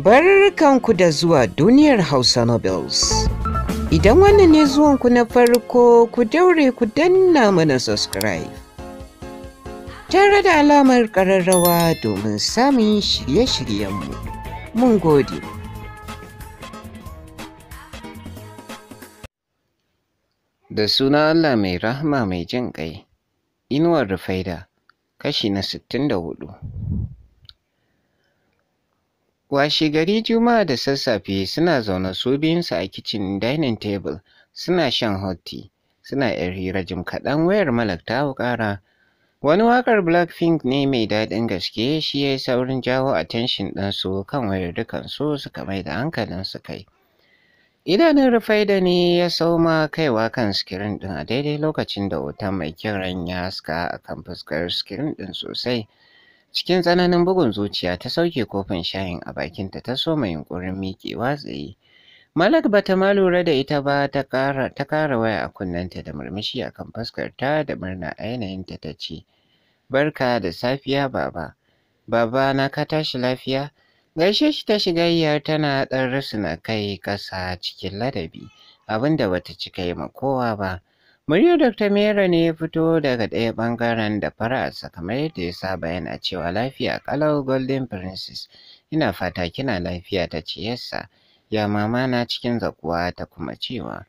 Barkanku da zuwa duniyar Hausa Nobels, Idan wannan ne zuwanku na farko ku daure ku danna mana subscribe. Tare da alamar ƙararrawa domin samun shirye-shiryenmu. Mun gode. Da suna Allah mai rahama mai jin ƙai, inuwar rufaida, kashi na sittin da hudu. washe gari Juma'a da sassafe suna zaune su biyunsu a kicin dining table suna shan hot tea suna ‘yar hira jim kaɗan wayar Malak ta ƙara. Wani waƙar Blackpink ne mai daɗin gaske shi ya yi saurin jawo attention ɗinsu kan wayar dukansu suka mai da hankalin su kai. Idanun da ne ya sauma kaiwa kan sikirin ɗin a daidai lokacin da wutan mai kiran ya haska a kan fuskar sikirin ɗin sosai. Cikin tsananin bugun zuciya ta sauke kofin shayin a bakinta ta so soma yunkurin miƙewa tsaye. Malak ba ta ma lura da ita ba ta ƙara waya a kunnenta da murmushi a kan fuskarta da murna a yanayinta ta ce, Barka da safiya baba, baba na ka tashi lafiya? Gaishe shi ta shiga yiyar tana ɗan rusuna kai ƙasa cikin ladabi, abinda ba bata cika yi ma kowa ba. Muryar Dr. Mera ne ya fito daga ɗaya ɓangaren da faransa, kamar yadda ya saba yana cewa lafiya ƙalau Golden Princess. Ina fata kina lafiya ta ce yassa. Ya mamana cikin zakuwa ta kuma cewa.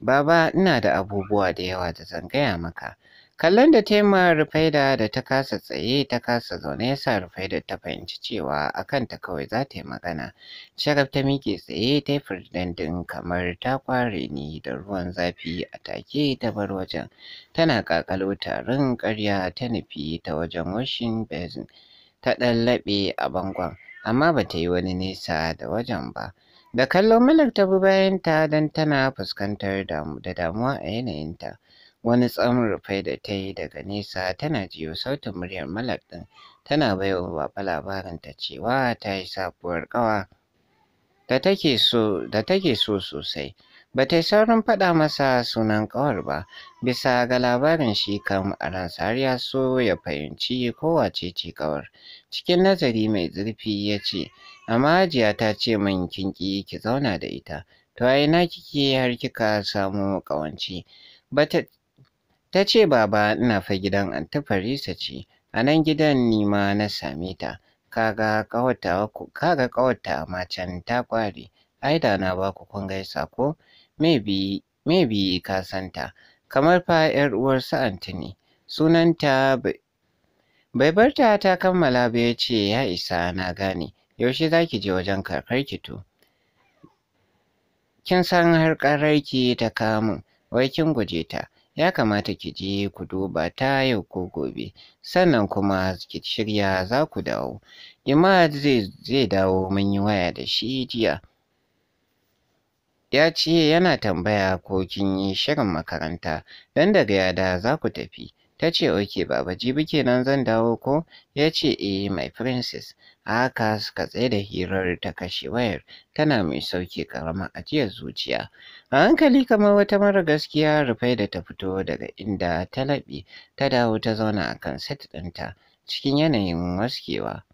Baba ina da abubuwa da yawa da zan gaya maka. Kallon da tema Rufaida da ta kasa tsaye ta kasa zaune ya sa Rufaida ta fahimci cewa a kanta kawai za ta yi magana. Sharaf ta miƙe tsaye ta yi dandin kamar ta kware ni da ruwan zafi a take ta bar wajen. Tana ƙaƙalo tarin ƙarya ta nufi ta wajen washin basin. Ta ɗan laɓe a bangon amma ba ta yi wani nesa da wajen ba. Da kallon Malak ta bi bayanta don tana fuskantar da damuwa a yanayinta. wani tsamin rufai da ta yi daga nesa tana jiyo sautin muryar malak ɗin tana baiwa baba labarin cewa ta yi sabuwar ƙawa da take so so sosai ba ta yi saurin faɗa masa sunan ƙawar ba bisa ga labarin shi kam a ransa har ya so ya fahimci kowace ce ƙawar cikin nazari mai zurfi ya ce amma hajiya ta ce min kin ki zauna da ita to ai na kike har kika samu ƙawanci Ta ce baba ina fa gidan Anta Farisa ce, a nan gidan ni ma na same ta. Kaga kawata ma can ta kware ai da na ba ku kun gaisa ko? Maybe, maybe ka santa, kamar fa 'yar uwarsa Anta ne. Sunanta bai bar ta ta kammala ba yace ya isa na gane yaushe zaki je wajen karkar ki to kin san har ki ta kamun wai kin guje ta ya kamata ki je ku duba ta yau ko gobe sannan kuma ki shirya za ku dawo Imad zai dawo mun yi waya da shi jiya ya ce yana tambaya ko kin yi shirin makaranta don daga yada za ku tafi ta ce oke baba jibi kenan zan dawo ko ya ce eh my princess haka suka da hirar ta kashe wayar tana mai sauke karamar ajiyar zuciya a hankali kamar wata mara gaskiya rufai da ta fito daga inda ta laɓe ta dawo ta zauna a kan set ɗinta cikin yanayin waskewa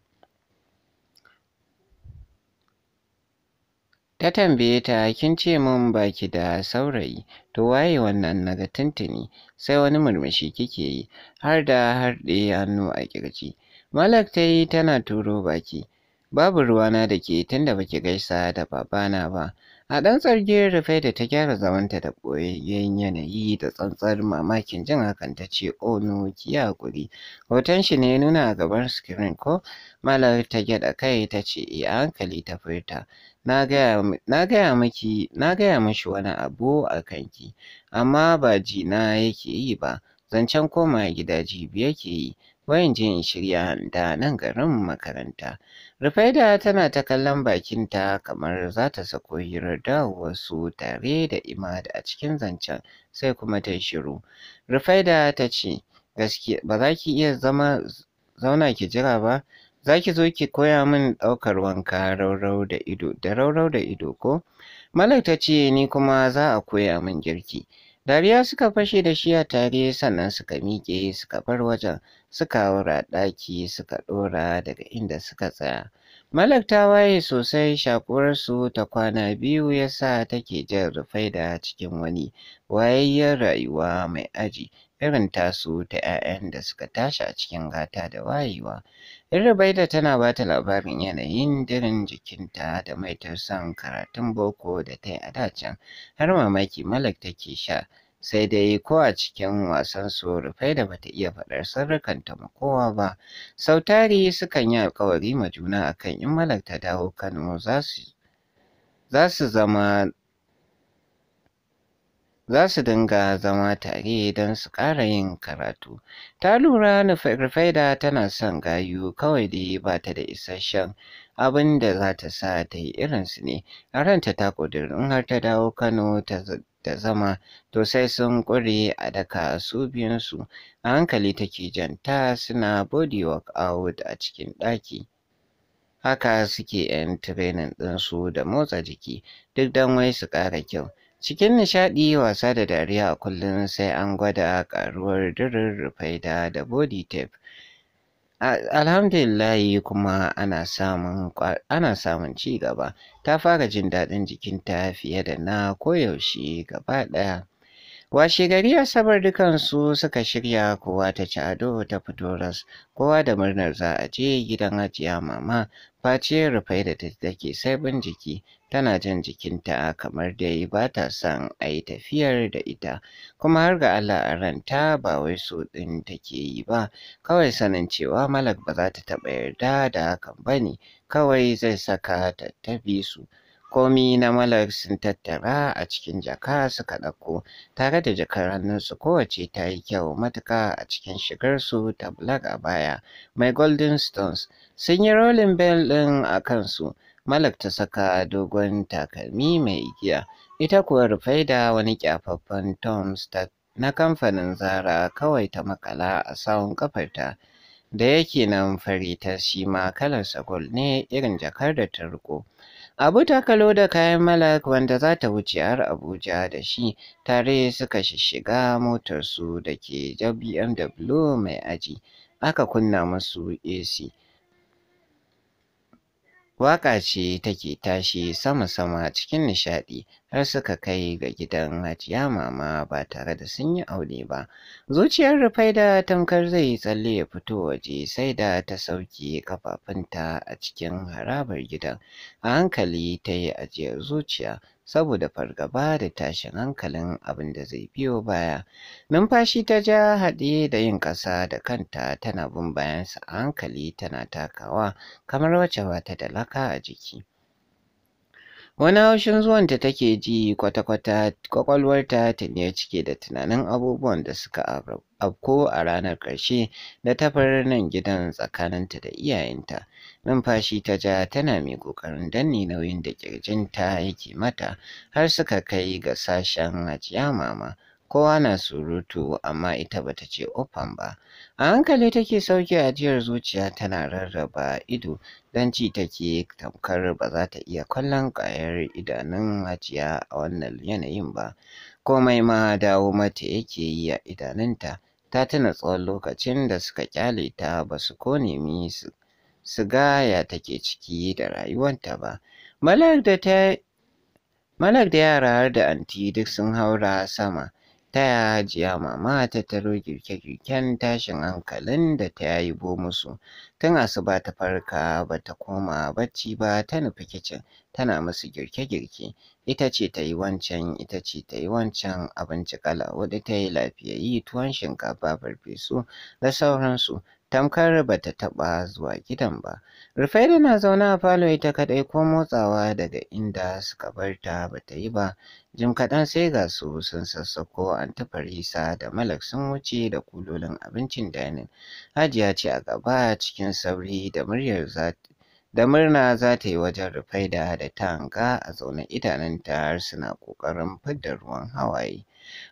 ta tambaye ta kin ce min baki da saurayi to waye wannan naga tuntuni sai wani murmushi kike yi har da harɗe hannu a ƙirji. Malak ta yi tana turo baki. Babu ruwana da ke tunda baki gaisa da babana ba. A ɗan tsarge rufe da ta gyara zamanta da ɓoyayyen yanayi da tsantsar mamakin jin hakan ta ce ono ki hakuri. Hoton shi ne nuna a gaban sikirin ko? Malak ta gyaɗa kai ta ce eh, a hankali ta furta. Na gaya miki na gaya mishi wani abu a kanki amma ba jina yake yi ba zancen koma gida jibi yake yi wayan je in shirya da nan garin makaranta rufaida tana ta kallon bakinta kamar za ta sako hirar da wasu tare da imad a cikin zancen sai kuma ta shiru rufaida ta ce "Gaske, ba za ki iya zama zauna ki jira ba za ki zo ki koya min ɗaukar wanka raurau da ido da raurau da ido ko malak ta ce ni kuma za a koya min girki Dariya suka fashe da shi a tare sannan suka miƙe suka bar wajen suka haura ɗaki suka ɗora daga inda suka tsaya. Malak ta waye sosai shakuwarsu ta kwana biyu ya sa take jin rufai da cikin wani wayayyar rayuwa mai aji irin tasu ta 'ya'yan da suka tashi a cikin gata da wayewa. da tana ba ta labarin yanayin dirin jikinta da maitar son karatun boko da ta yi a dacen har mamaki Malak take sha. sai dai ko a cikin wasan su Rufaida bata iya faɗar sirrikanta ma kowa ba sautari sukan yi alkawari ma juna akan in Malak ta dawo Kano za su za su zama za su dinga zama tare don su ƙara yin karatu. Ta lura Rufaida tana son gayu kawai dai ba ta da isasshen abin da za ta sa ta yi irinsu ne, a ranta ta ƙudurin har ta dawo Kano ta da zama, to sai sun ƙure a daka su biyunsu a hankali take janta suna body work out a cikin ɗaki. Haka suke ‘yan training ɗinsu da motsa jiki duk dan wai su ƙara kyau. Cikin nishaɗi wasa da dariya a kullum sai an gwada ƙaruwar dirin rufaida da body tape alhamdulillahi kuma ana samun ana samun ci gaba ta fara jin daɗin jikinta fiye da na koyaushe gaba ɗaya washe gari Asabar dukansu suka shirya kowa ta ci ado ta fito ras, kowa da murnar za a je gidan hajiya mama, face rufai da take sabon jiki, tana jin jikinta kamar dai ba ta son a yi tafiyar da ita, kuma har ga Allah a ranta ba wai so ɗin take yi ba, kawai sanin cewa Malak ba za ta taɓa yarda da hakan ba ne, kawai zai saka ta tafi su. komi na malar sun tattara a cikin jaka suka ɗauko tare da jakar hannunsu kowace ta yi kyau matuka a cikin shigarsu ta black a baya mai golden stones sun yi rolling bell ɗin a kansu malak ta saka dogon takalmi mai igiya ita kuwa da wani kyafaffen toms na kamfanin zara kawai ta makala a sawun kafarta da yake nan fari ta shi ma kalar sagol ne irin jakar da ta riko. Abu ta kalo da kayan malak wanda za ta wuce har Abuja da shi tare suka shiga motarsu da ke bulo mai aji aka kunna musu AC. Waƙa ce take tashi sama-sama cikin nishaɗi har suka kai ga gidan Hajiya Mama ba tare da sun yi aure ba. Zuciyar Rufaida tamkar zai tsalle ya fito waje sai da ta sauke kafafunta a cikin harabar gidan. A hankali ta yi ajiyar zuciya saboda fargaba da tashin hankalin abin da zai biyo baya. Numfashi ta ja haɗe da yin ƙasa da kanta tana bin bayansa a hankali tana takawa kamar wacce bata da laka a jiki. Wani haushin zuwanta take ji kwata-kwata kwakwalwarta ta ne cike da tunanin abubuwan da suka afko a ranar ƙarshe da ta nan gidan tsakaninta da iyayenta. Numfashi ta ja tana mai ƙoƙarin danne nauyin da ƙirjinta yake mata har suka kai ga sashen hajiya mama. Kowa na surutu amma ita bata ce ofan ba. A hankali take sauke ajiyar zuciya tana rarraba ido don ci take tamkar ba za ta iya kallon ƙwayar idanun hajiya a wannan yanayin ba. komai ma dawo mata yake yi a idanunta ta tuna tsawon lokacin da suka kyale ta ba su ko nemi su ga ya take ciki da rayuwanta ba. Malak Malak da yara har da anti duk sun haura sama Ta taya hajiya mama ta taro girke-girken tashin hankalin da ta yi bo musu tun asuba ta farka ba ta koma bacci ba ta nufi kicin tana musu girke-girke ita ce ta yi wancan ita ce ta yi wancan abinci kala wadda ta yi lafiyayyi tuwon shinkafa farfesu da sauransu tamkar ba ta taɓa zuwa gidan ba. Rufaida na zaune a falo ita kaɗai ko motsawa daga inda suka bar ta ba ta yi ba. Jim kaɗan sai ga su sun sassako an risa da malak sun wuce da kulolin abincin danin. Hajiya ce a gaba cikin sauri da muryar da murna za ta yi wajen Rufaida da ta hanga a zaune idanunta har suna ƙoƙarin fidda ruwan hawaye.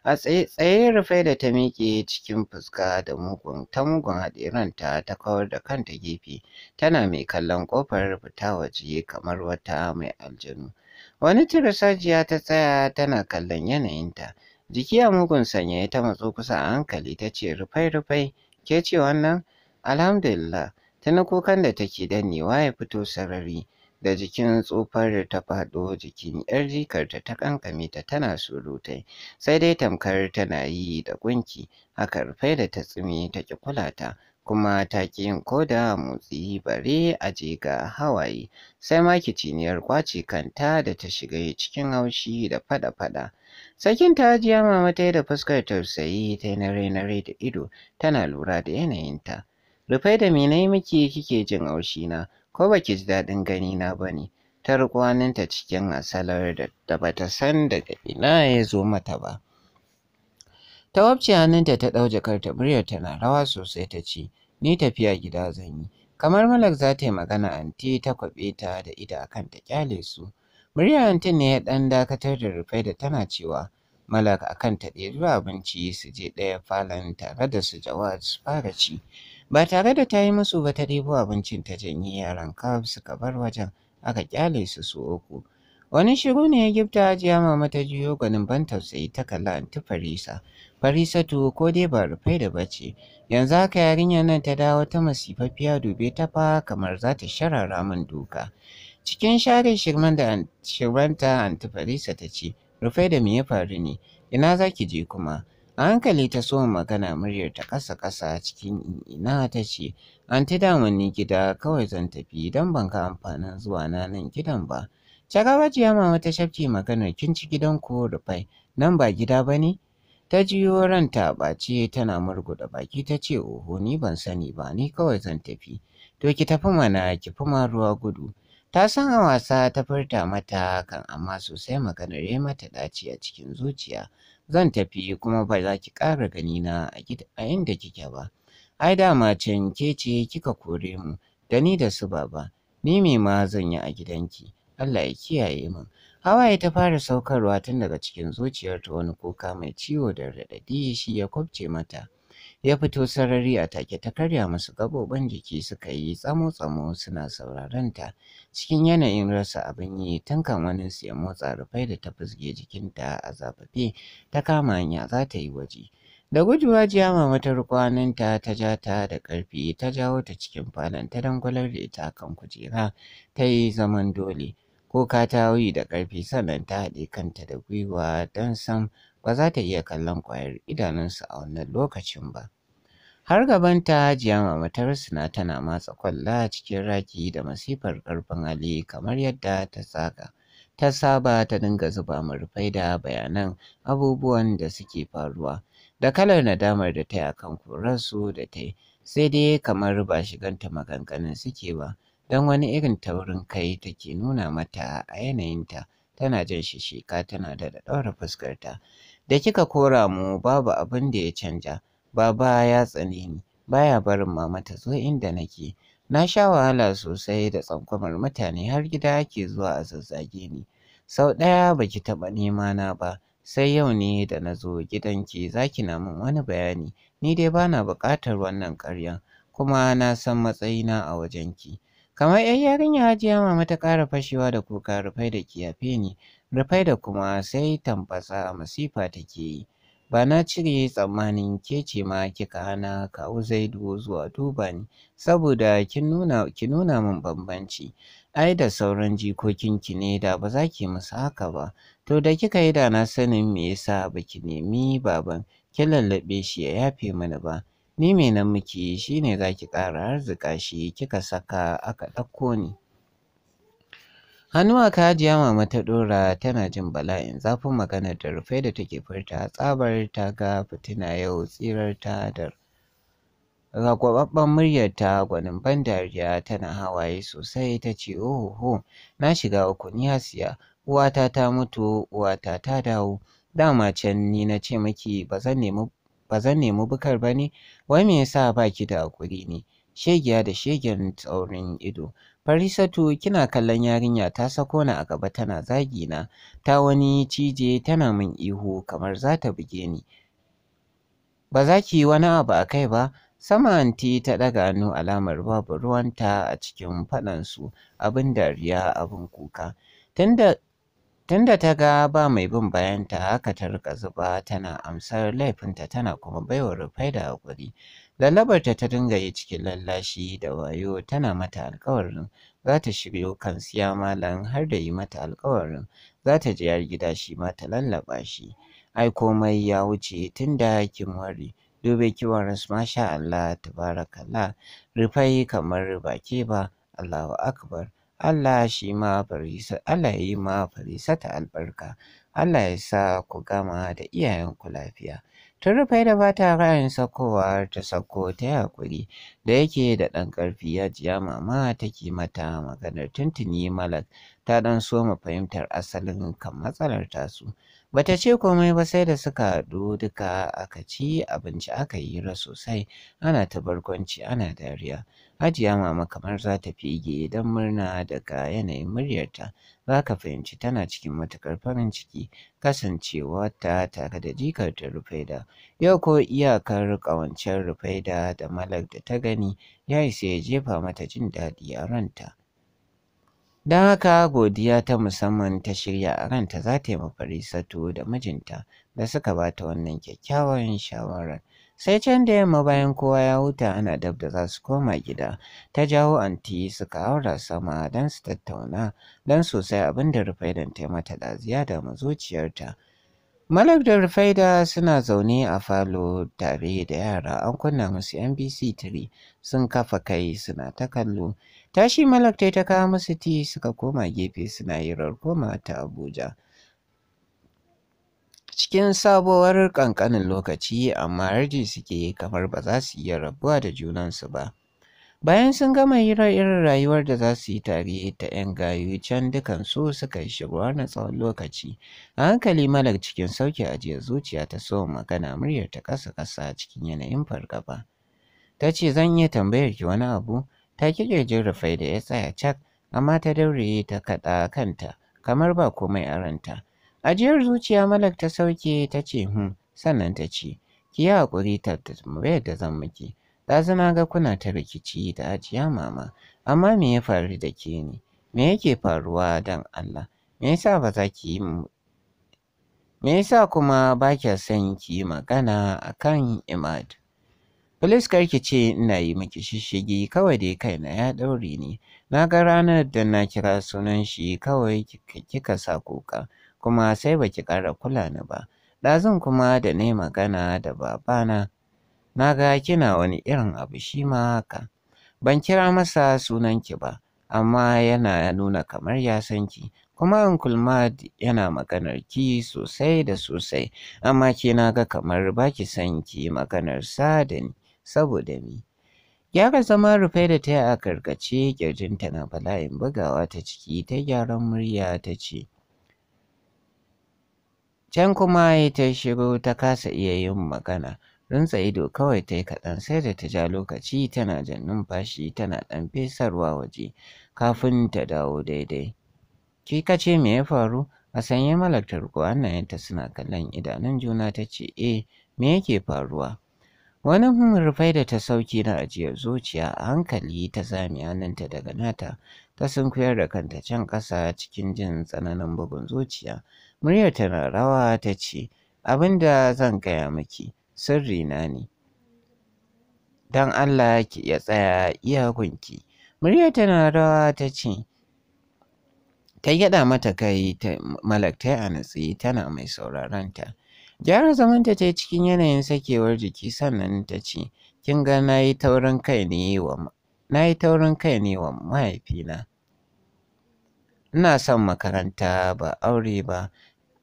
a tsaye rufe da ta miƙe cikin fuska da mugun ta mugun ta kawar da kanta gefe tana mai kallon ƙofar fita waje kamar wata mai aljanu wani tirasajiya ta tsaya tana kallon yanayinta jiki a mugun sanye ta matso kusa a hankali ta ce rufai rufai ke ce wannan alhamdulillah tana kukan da take dannewa ya fito sarari da jikin tsufar da ta faɗo jikin ‘yar jikarta ta kankame ta tana surutai, sai dai tamkar tana yi da gunki, haka rufe da ta tsumi ta ƙi kula ta, kuma ta ƙi yin koda motsi bare a je ga hawaye, sai ma kiciniyar kwace kanta da ta shiga cikin haushi da faɗa-faɗa. Sakin ta jiya mama ta da fuskar tausayi ta nare-nare da ido tana lura da yanayinta. Rufe da me na miki kike jin haushi na ko ba ki ji daɗin ganina ba ne ta rikwaninta cikin asalar da bata san daga ina ya zo mata ba ta wabce hannunta ta ɗau ta muryar tana rawa sosai ta ce ni tafiya gida zan yi kamar malak za ta yi magana anti ta kwaɓe ta da ita akan ta kyale su muryar anti ne ya ɗan dakatar da rufai da tana cewa malak akan ta zuwa abinci su je ɗaya falon tare da su jawa su fara ci ba tare da ta yi musu ba ta ɗebo abincin ta janye yaran kaf suka bar wajen aka kyale su su uku wani shiru ne ya gifta ajiya mama ta juyo ganin ban tausayi ta kalla anti farisa farisatu ko dai ba rufai da bace yanzu haka yarinyar nan ta dawo ta masifaffiya dube ta fa kamar za ta sharara min duka cikin share shirman da shirmanta anti farisa ta ce rufai da me ya faru ne ina za ki je kuma A hankali ta so magana muryar ta ƙasa-ƙasa cikin ina ta ce, Anti daman ni gida kawai zan tafi don ban ka amfanin zuwa na nan gidan ba. Shagabajiya mama ta shafke maganar kin ci gidan ko rufai, nan ba gida ba ne? Ta jiyo ranta ɓace tana murguda baki ta ce oho ni ban sani ba ni kawai zan tafi. To ki tafi mana ki fi ma ruwa gudu. Ta san a wasa ta furta mata kan amma sosai maganar ya mata ɗaci a cikin zuciya. zan tafi kuma ba za ki ƙara gani na a inda kike ba. Ai dama can ke ce kika kore mu da ni da su baba, ni me ma zan yi a gidanki, Allah ya kiyaye mu. Hawaye ta fara saukarwa tun daga cikin zuciyarta wani kuka mai ciwo da raɗaɗi shi ya kwabce mata. ya fito sarari a take ta karya musu gaboban jiki suka yi tsamo-tsamo suna sauraron ta cikin yanayin rasa abin yi tun kan wani su ya motsa rufai da ta jikin jikinta a zafafe ta kama hanya za ta yi waje da gujewa jiya mamatar rukwaninta ta ja ta da ƙarfi ta jawo ta cikin falon ta dangwalar da ita kan kujera ta yi zaman dole ko katawi da ƙarfi sannan ta haɗe kanta da gwiwa don sam ba za ta iya kallon ƙwayar idanunsa a wannan lokacin ba. Har ta Hajiya ma matar suna tana matsa kwalla cikin raki da masifar karfin hali kamar yadda ta saka. Ta saba ta dinga zuba murfai da bayanan abubuwan da suke faruwa. Da kalar nadamar da ta yi akan kurarsu da ta yi, sai dai kamar ba shiganta maganganun suke ba, don wani irin taurin kai take nuna mata a yanayinta. Tana jin shishika tana da ɗaura fuskarta. Da kika kora mu babu abin da ya canja. Baba ya tsane ni, baya barin mama ta zo inda nake. Na sha wahala sosai da tsankwamar mutane har gida ake zuwa a zazzage ni. Sau ɗaya baki taɓa nema na ba, sai yau ne da na zo gidanki za ki na min wani bayani. Ni dai ba na buƙatar wannan karyan. kuma na san matsayina a wajenki. Kamar ‘yar yarinya hajiya mama ta ƙara fashewa da kuka rufai da kiyafe ni, rufai da kuma sai tambasa a masifa take yi. ba na cire tsammanin ke ce ma kika hana kawu zaidu zuwa duba ni saboda ki nuna min bambanci ai da sauran jikokinki ne da ba za ki musu haka ba to da kika yi da na sanin me yasa ba ki nemi baban ki lallaɓe shi ya yafe mani ba ni menen nan miki shine za ki ƙara arzika shi kika saka aka ɗauko ni Hannu ka hajiya mama ta ɗora tana jin bala'in zafin maganar da rufe da take furta tsabar ta ga fitina yau tsirar ta da ragwaɓaɓɓen muryar ta gwanin ban dariya tana hawaye sosai ta ce ohoho na shiga uku ni hasiya uwata ta mutu uwata ta dawo dama can ni na ce miki ba zan nemi bukar ba ne wai me yasa ba ki da hakuri ne shegiya da shegen tsaurin ido Farisatu kina kallon yarinya ta sako ni a gaba tana zagi na, ta wani cije tana min ihu kamar za ta buge ni. Ba za ki yi wani abu a kai ba, sama anti ta ɗaga hannu alamar babu ruwanta a cikin faɗansu abin dariya abin kuka. Tunda Tunda ta ga ba mai bin bayanta haka ta rika zuba tana amsar laifinta tana kuma baiwa rufai da haƙuri. Lallabarta ta ta dinga yi cikin lallashi da wayo tana mata alƙawarin. za ta shiryo kan siya malam har da yi mata alƙawarin. za ta je har gida shi ma ta lallaba shi. Ai komai ya wuce tun da kin ware. Dube ma masha Allah tabarakallah rufai kamar bake ba Allahu akbar. Allah shi ma Allah ya yi ma farisata albarka. Allah ya sa ku gama da iyayen ku lafiya. ta rufe da ba ta ra'ayin sakowa ta sako ta hakuri da yake da ɗan ƙarfi ya jiya mama take mata maganar tuntuni malak ta ɗan so mu fahimtar asalin kan matsalar tasu Bata ce komai ba sai da suka haɗu duka aka ci abinci aka yi ra sosai ana ta barkwanci ana dariya. Hajiya mama kamar za ta fige don murna daga yanayin muryarta za ka fahimci tana cikin matukar farin ciki ta tare da jikarta Rufaida. Yau ko iyakar ƙawancen Rufaida da Malak da ta gani ya isa ya jefa mata jin daɗi a ranta. Don haka godiya ta musamman ta shirya a ranta za ta yi sato da mijinta da suka ba ta wannan kyakkyawan shawarar. Sai can da yamma bayan kowa ya huta ana dab da za su koma gida, ta jawo anti suka haura sama don su tattauna don sosai abin da Rufaidan ta yi mata ɗaziya da zuciyarta. Malak da Rufaida suna zaune a falo tare da yara an kunna musu NBC 3 sun kafa kai suna ta kallo. Tashi Malak ta kawo musu ti suka koma gefe suna hirar koma ta Abuja. Cikin sabuwar kankanin lokaci amma harji suke kamar ba za su iya rabuwa da junansu ba. Bayan sun gama hirar irin rayuwar da za su yi tare ta 'yan gayu can su suka yi shirwa na tsawon lokaci. A hankali Malak cikin sauki ajiye zuciya ta so magana muryar ta kasa ƙasa cikin yanayin fargaba. Ta ce zan iya tambayar ki wani abu? ta kike ƙirjin rufai da ya tsaya cak amma ta daure ta kaɗa kanta kamar ba komai a ranta. Ajiyar zuciya Malak ta sauke ta ce hu hmm, sannan ta ce ki yi haƙuri ta tambayar da zan miki. Ɗazu ga kuna ta rikici da ajiya mama amma me ya faru da ke ne? Me yake faruwa don Allah? Me yasa ba za ki yi Me yasa kuma ba kya son ki magana akan Imad? Please ki ce ina yi miki shishigi kawai dai na ya ɗaure ni. Na ga ranar da na kira sunan shi kawai kika sa kuka kuma sai baki ƙara kula ni ba. Ɗazun kuma da na magana da babana na ga kina wani irin abu shi ma haka. Ban kira masa sunan ki ba amma yana nuna kamar ya san ki kuma Uncle Mad yana maganar ki sosai da sosai amma ke na ga kamar baki san ki maganar sa da ni. saboda ni. Gyara zama rufe da ta a karkace kirjinta na bala'in bugawa ta ciki ta gyaran murya ta ce. Can kuma ya ta shiru ta kasa iya yin magana, rinsa ido kawai ta yi kaɗan sai da ta ja lokaci tana jan numfashi tana ɗan fesarwa waje kafin ta dawo daidai. Ki kace me ya faru? A sanye malaktar kuwa hannayenta suna kallon idanun juna ta ce, eh me yake faruwa?' Wani murfai da ta sauki na ajiyar zuciya a hankali ta sami hannunta daga nata ta sunkuyar da kanta can ƙasa cikin jin tsananin bugun zuciya. Muryar na rawa ta ce, abin da zan gaya miki sirri na ne. Don Allah ki ya tsaya iyakunki. Muryar na rawa ta ce, ta gyaɗa mata kai malaktai ta yi a natsi tana mai sauraron ta. Gyara zamanta ta yi cikin yanayin sakewar jiki sannan ta ce, Kin ga na yi taurin kai ne wa mahaifina. Ina son makaranta ba aure ba,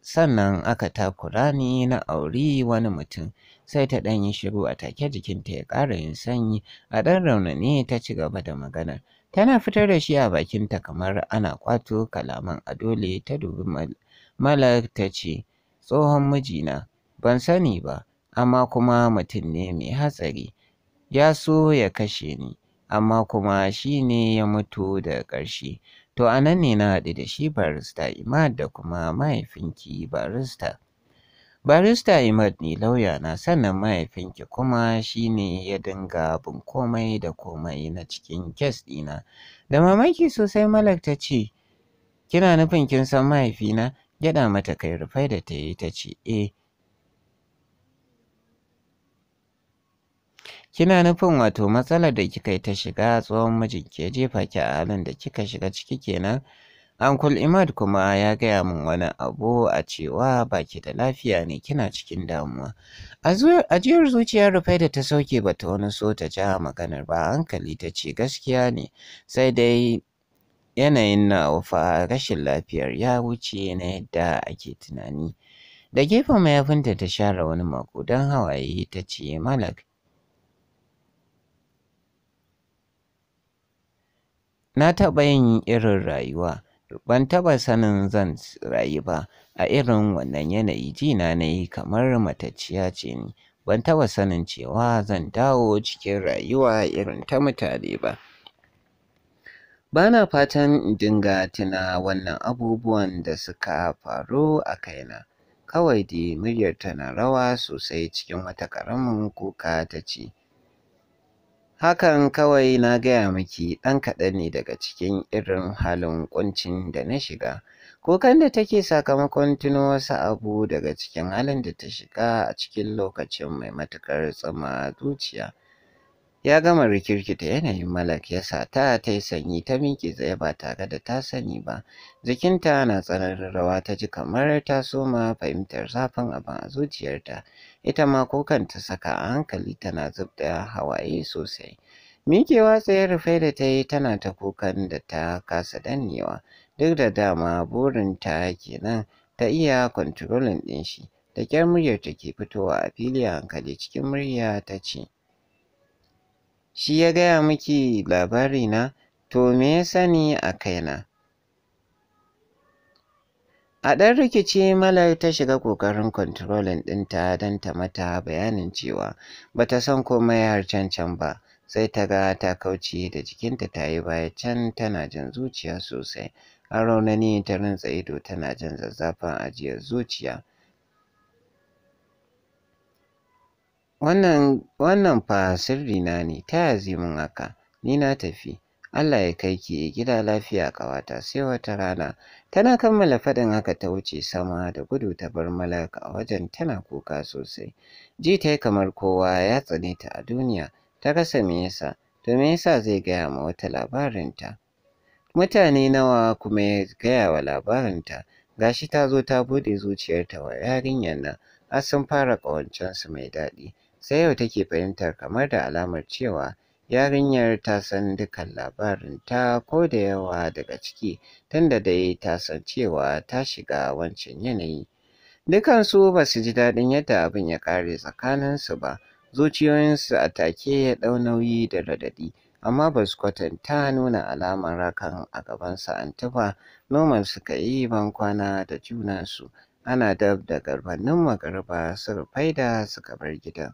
sannan aka takura ni na auri wani mutum. Sai ta ɗan yi shiru a take jikinta ya ƙara yin sanyi, a ɗan raunane ta ci gaba da magana. Tana fitar da shi a bakinta kamar ana ƙwato kalaman a dole ta dubi Malak ta ce, tsohon mijina, ban sani ba, amma kuma mutum ne mai hatsari. Ya so ya kashe ni, amma kuma shi ne ya mutu da ƙarshe. To a nan ne na haɗu da shi barista Imad da kuma mahaifinki barista. Barista Imad ne lauya na sannan mahaifinki kuma shi ne ya dinga bin komai da komai na cikin kes ɗina. Da mamaki sosai Malak ta ce, Kina nufin kin san mahaifina? Gyaɗa mata kai rufai da ta yi ta ce, E. Kina nufin wato matsalar da kika yi ta shiga tsohon mijin ke jefa ki a halin da kika shiga ciki kenan? Uncle Imad kuma ya gaya min wani abu a cewa baki da lafiya ne kina cikin damuwa. Ajiyar zuciyar rufai da ta sauke bata wani so ta ja maganar ba hankali ta ce gaskiya ne sai dai yanayin nawa fa rashin lafiyar ya wuce na yadda ake tunani da gefen mayafinta ta share wani mako don hawaye ta ce malak na taɓa yin irin rayuwa ban taɓa sanin zan rayu ba a irin wannan yanayi jina na yi kamar mataciya ce ni ban taɓa sanin cewa zan dawo cikin rayuwa irin ta mutane ba ba na fatan in dinga tuna wannan abubuwan da suka faru a kaina kawai dai muryar tana rawa sosai cikin wata ƙaramin kuka ta ce hakan kawai na gaya miki ɗan kaɗan ne daga cikin irin halin ƙuncin da na shiga kukan da take sakamakon tuno wasu abu daga cikin halin da ta shiga a cikin lokacin mai matuƙar tsama zuciya ya gama rikirkita yanayin malak ya sa ta ta yi sanyi ta miƙe tsaye ba tare da ta sani ba jikinta na tsananin rawa ta ji kamar ta soma fahimtar zafin abin a zuciyarta ita ma kukan ta saka a hankali tana zub da hawaye sosai miƙewa tsaye rufe da ta yi tana ta kukan da ta kasa dannewa duk da dama burinta kenan ta iya kwantarolin ɗin shi da kyar muryar ta ke fitowa a fili a hankali cikin murya ta ce Shi ya gaya miki labarina, to me ya sani a kaina? A ɗan rikici Malar ta shiga ƙoƙarin kontrolin ɗinta don ta mata bayanin cewa ba ta san komai har can ba, sai ta ga ta kauce da jikinta ta yi baya can tana jin zuciya sosai. A raunani ta rintsa ido tana jin zazzafan ajiyar zuciya. Wannan fa sirri na ne, ta ya mun haka? Ni na tafi. Allah ya kai ki gida lafiya ƙawata sai wata rana. Tana kammala faɗin haka ta wuce sama da gudu ta bar malaka a wajen tana kuka sosai. Ji ta yi kamar kowa ya tsane ta a duniya, ta rasa me yasa, to me yasa zai gaya ma wata labarinta? Mutane nawa kuma ya gaya wa labarinta, gashi ta zo ta buɗe zuciyarta wa yarinyar nan, har sun fara ƙawancensu mai daɗi. sai yau take fahimtar kamar da alamar cewa yarinyar ta san dukan labarin ta ko da yawa daga ciki tunda dai ta san cewa ta shiga wancan yanayi dukansu ba su ji daɗin yadda abin ya ƙare tsakaninsu ba zuciyoyinsu a take ya ɗau nauyi da radadi amma ba su kwatanta nuna alamar rakan a gaban sa'antu ba noman suka yi bankwana da junansu ana dab da garbannin magariba suka faida suka bar gidan